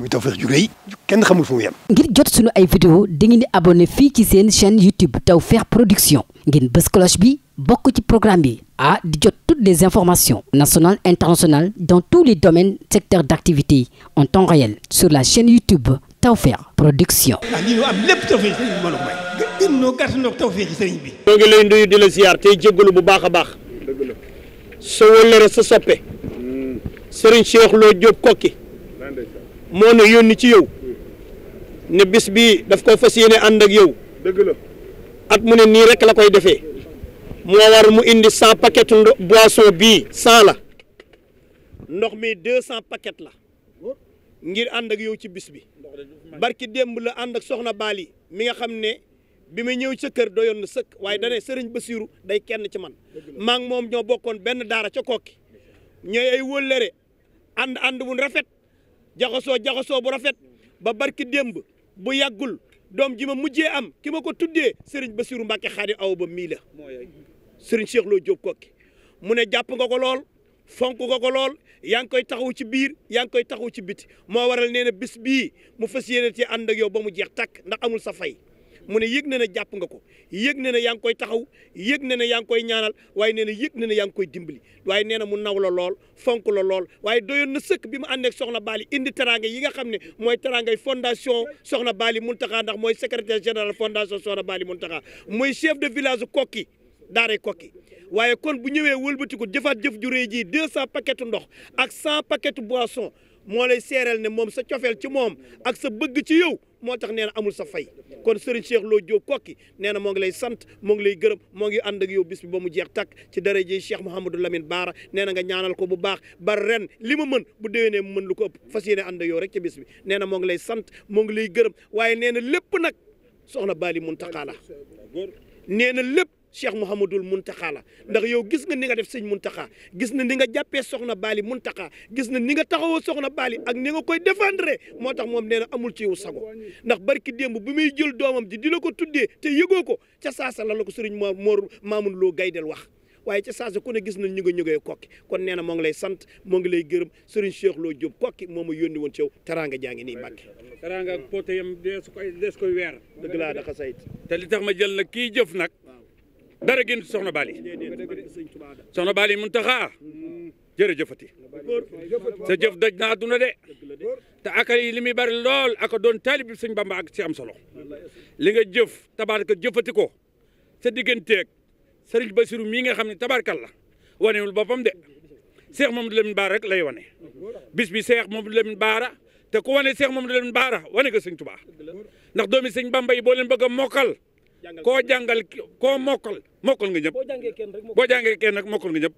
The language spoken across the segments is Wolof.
muy Tawfekh ju rëy kenn xamul fu mu yem. ngir jot sunu ay vidéo dangeen di abonné fii ci seen chaîne YouTube Tawfekh Production ngeen bës cloche bi bokk ci programme bi ah di jot toutes les informations nationales internationales dans tous les domaines secteurs d'activité en temps réel sur la chaîne YouTube Tawfekh Production. ah lii am lépp Tawfekh sëriñ bi sëriñ bi. ñoo ngi lay nuyu di la ziar tey jéggalu bu baax a baax. dëgg la sa wëllëre sëriñ hmm. Cheikh Lo Diop kokki moo ne yónni ci yow ne bis bi daf ko fas yéene ànd ak yow at mu ne nii rek la koy defee moo war mu indi cent paquet boisson bii cent la ndox mi deux cent paquet la ngir ànd ak yow ci bis bi barki démb la ànd ak soxna Bali mi nga xam ne bi ma ñëw ca kër doyoon na sëkk waaye dane sëriñ Basiiru day kenn ci man maa ngi moom ñoo bokkoon benn daara ca kokki ñooy ay wëllëre ànd ànd bu rafet jaxasoo jaxasoo bu rafet ba barki démb bu yàggul doom ji ma mujjee am ki ma ko tuddee Serigne Bassirou Mbacke xaari aw ba miila la Serigne Cheikh Lo Diop kokki mu ne jàpp nga ko lool fonk nga ko lool yaa ngi koy taxaw ci biir yaa ngi koy taxaw ci bit moo waral nee na bis bii mu fas yéene ci ànd ak yow ba mu jeex tàkk ndax amul sa fay. mu ne yëg na ne jàpp nga ko yëg na ne yaa ngi koy taxaw yëg na ne yaa ngi koy ñaanal waaye nee na yëg na ne yaa ngi koy dimbali waaye nee na mu naw la lool fonk la lool waaye doyoon na sëkk bi mu ànd ak soxna Bali indi teraanga yi nga xam ne mooy teraangay fondation soxna Bali Muntaxa ndax mooy secrétaire général fondation soxna Bali Muntaxa mooy chef de village Kokki daaray Kokki waaye kon bu ñëwee wëlbatiku jëfaat jëf ju rëy ji deux cent paquetu ndox ak cent paquetu boisson moo lay seereel ne moom sa cofeel ci moom ak sa bëgg ci yow moo tax nee na amul sa fay kon Serigne Cheikh Lo Diop kokki nee na moo ngi lay sant moo ngi lay gërëm moo ngi ànd ak yow bis bi ba mu jeex tàkk ci daraje Cheikh Mouhamadou Lamine Baara nee na nga ñaanal ko bu baax ba ren li ma mën bu déwénee mu mën lu ko ëpp fas yéene ànd rek ci bis bi nee na moo ngi lay sant moo ngi lay gërëm waaye nee na lépp nag soxna Bali Muntaqa la nee na lépp cheikh mouhamadul muntaxa la ndax yow gis nga ni nga def sëñ muntaxa gis na ni nga jàppee soxna baali muntaxa gis na ni nga taxawoo soxna baali ak ni nga koy défendre moo tax moom nee na amul ci yow sago ndax barki démb bi muy jël doomam di dina ko tuddee te yëgoo ko ca saasa la la ko sëriñ ma moor maamun loo gaydel wax waaye ca saasa ku ne gis nañ ñu nga ñugee kokki kon nee na moo ngi lay sant moo ngi lay gërëm sëriñ cheikh loo jom kokki moo ma yónni woon ci yow teraanga jaa ngi nii mbàkke teraanga ak poté yam dees koy dees koy weer dëgg laa daxa sayit te li tax ma jël nag kii jëf nag dara génn soxna Bali soxna Bali Muntaxa jërëjëfati sa jëf daj na àdduna de te akal yi li muy bari lool aka doon taalib bi sëñ Bamba ak si am solo li nga jëf tabaaraka jëfati ko sa digganteeg Sëriñ Basiru mii nga xam ne wane wanewul boppam de Seex Mamadu Lamin Baara rek lay wane bis bi Seex Mamadu Lamin Baara te ku wane Seex Mamadu Lamin Baara wane nga sëñ Tuubaa ndax doomi sëñ Bamba yi boo leen bëgg a mokkal koo jàngal koo mokkal mokkal nga ñëpp boo jàngee kenn rek mokkal nga ñëpp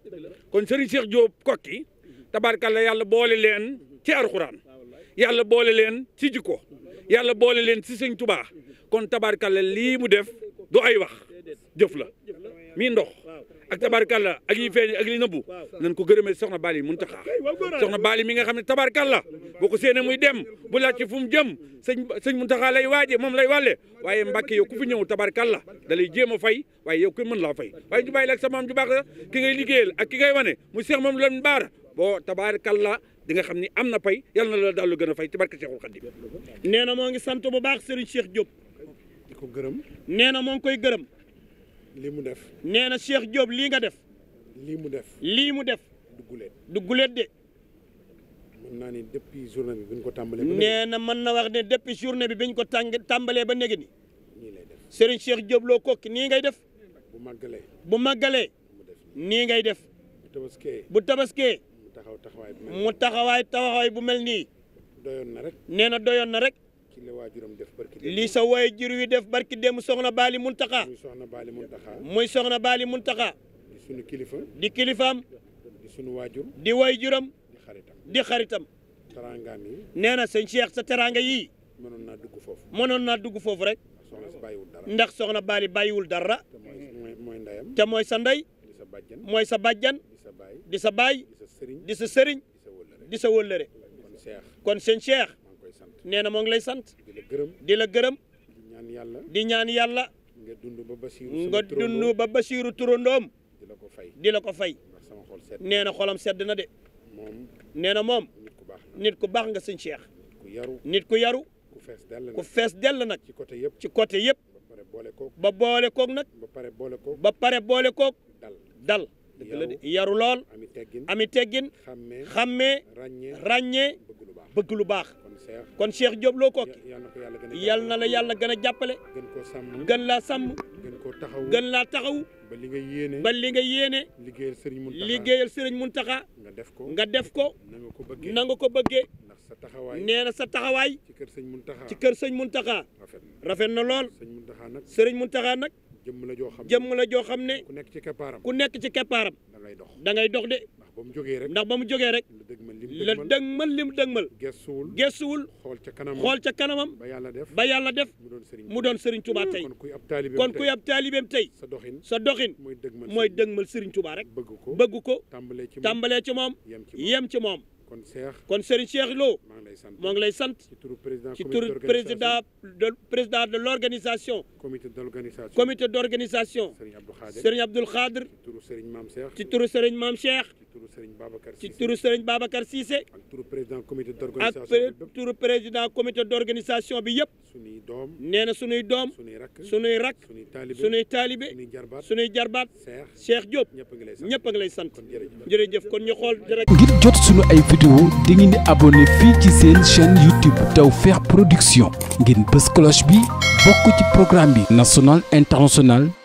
kon Serigne Cheikh Diop kokki tabarkalla yàlla boole leen ci alxuraan ah, yàlla boole leen ci jikko yàlla boole leen ci Sëñ Tuubaa mm-hmm. kon tabarkalla lii mu def du ay wax jëf la mii ndox ak tabarkalla ak yi feeñ ak li nëbbu nañ ko gërëmee soxna Bali Muntaxa soxna Bali mi nga xam ne tabarkalla boo ko séenee muy dem bu laaj ci fu mu jëm sëñ sëñ Muntaxa lay waaje moom lay wàlle waaye Mbàkke yow ku fi ñëw tabarkalla da lay jéem a fay waaye yow ku mën laa fay waaye ñu bàyyi la ak sa maam ju baax la ki ngay liggéeyal ak ki ngay wane mu seex moom lan baara boo tabarkalla di nga xam ni am na pay yàlla na la daal lu gën a fay ci barke Seexul Xadim nee na moo ngi sant bu baax Serigne Cheikh Diop gërëm nee na moo ngi koy gërëm li mu def. nee na Cheikh Diop lii nga def. lii mu def. lii mu def. du guleet du guleet de. mën naa ni depuis journée bi biñ ko tàmbalee. nee na mën na wax ne depuis journée bi biñ ko tàng tàmbalee ba néegi ni nii lay def Serigne Cheikh Diop loo kokki nii ngay def. bu màggalee. bu màggalee. nii ngay def. bu tabaskee. bu tabaskee. mu taxaw taxawaay bu mel nii. taxawaay bu mel nii. doyoon nee na doyoon na rek. li sa waajur wi def barki démb soxna Baali Muntaxa muy soxna Baali Muntaxa di sunu kilifa di kilifaam di sunu waajur di waajuram di xaritam di xaritam teraangaam yi nee na sëñ Cheikh sa teraanga yii mënoon naa dugg foofu mënoon naa dugg foofu rek ndax soxna Baali bàyyiwul dara te mooy sa ndey mooy sa bàjjan di sa baay di sa sëriñ di sa wëllëre kon sëñ Cheikh nee na moo ngi lay sant. gërëm di gërëm. di ñaan yàlla di ñaan yàlla. nga dund ba Basiiru ba Basiiru turandoom. di ko fay di ko fay. nee na xolam sedd na de. moom nee na moom. nit ku baax nit ku baax nga sëñ Cheikh. nit ku yaru nit ku yaru. ku fees dell nag ku fees dell nag. ci côté yëpp ci côté yëpp. ba boole koog ba boole koog nag. ba pare boole koog ba pare boole koog. dal dal. dëgg la de yaru lool. ami teggin ami teggin. xàmmee xàmmee. ràññee ràññee. bëgg lu baax. kon Cheikh Diop Lô Koki yal na la yàlla gën a jàppale gën laa sàmm gën laa taxaw ba li nga yéene ba li nga yéene liggéeyal Serigne Mountakha liggéeyal Serigne Mountakha nga def ko nga def ko na nga ko bëggee ndax sa taxawaay nee na sa taxawaay ci kër Serigne Mountakha ci kër Serigne Mountakha rafet na lool Serigne Mountakha nag Serigne Mountakha nag jëmm la joo xam jëmm la joo xam ne ku nekk ci keppaaram ku nekk ci keppaaram da ngay dox de ba jógee rek ndax ba mu jógee rek la dëgmal lim dëgmal gestuwul gestuwul xool ca kanamam xool ca kanamam ba yàlla def ba yàlla def mu doon Serigne Touba tey kon kuy ab taalibeem tey sa doxin sa doxin mooy dëgmal Serigne Touba rek bëgg ko bëgg ko tàmbalee ci moom yem ci moom kon Cheikh kon Serigne Cheikh Lo moo ngi lay sant ci turu président ci turu président de président de l' organisation comité d' organisation comité d' organisation Serigne Abdoul Khadr ci turu Serigne Mame Cheikh ci turu Serigne Mame turu Serigne Babacar Cissé ci turu Serigne Babacar Cissé. ak turu président comité d' bi yëpp ak sunuy doom sunuy rakk sunuy rakk. sunuy jarbaat sunuy jarbaat. Cheikh a ngi lay sant ñëpp a kon ñu xool direct. ngir jot sunu ay vidéo di ngeen abonné fii ci seen chaîne YouTube Tawfekh Production. ngeen bës cloche bi bokk ci programme bi. national international.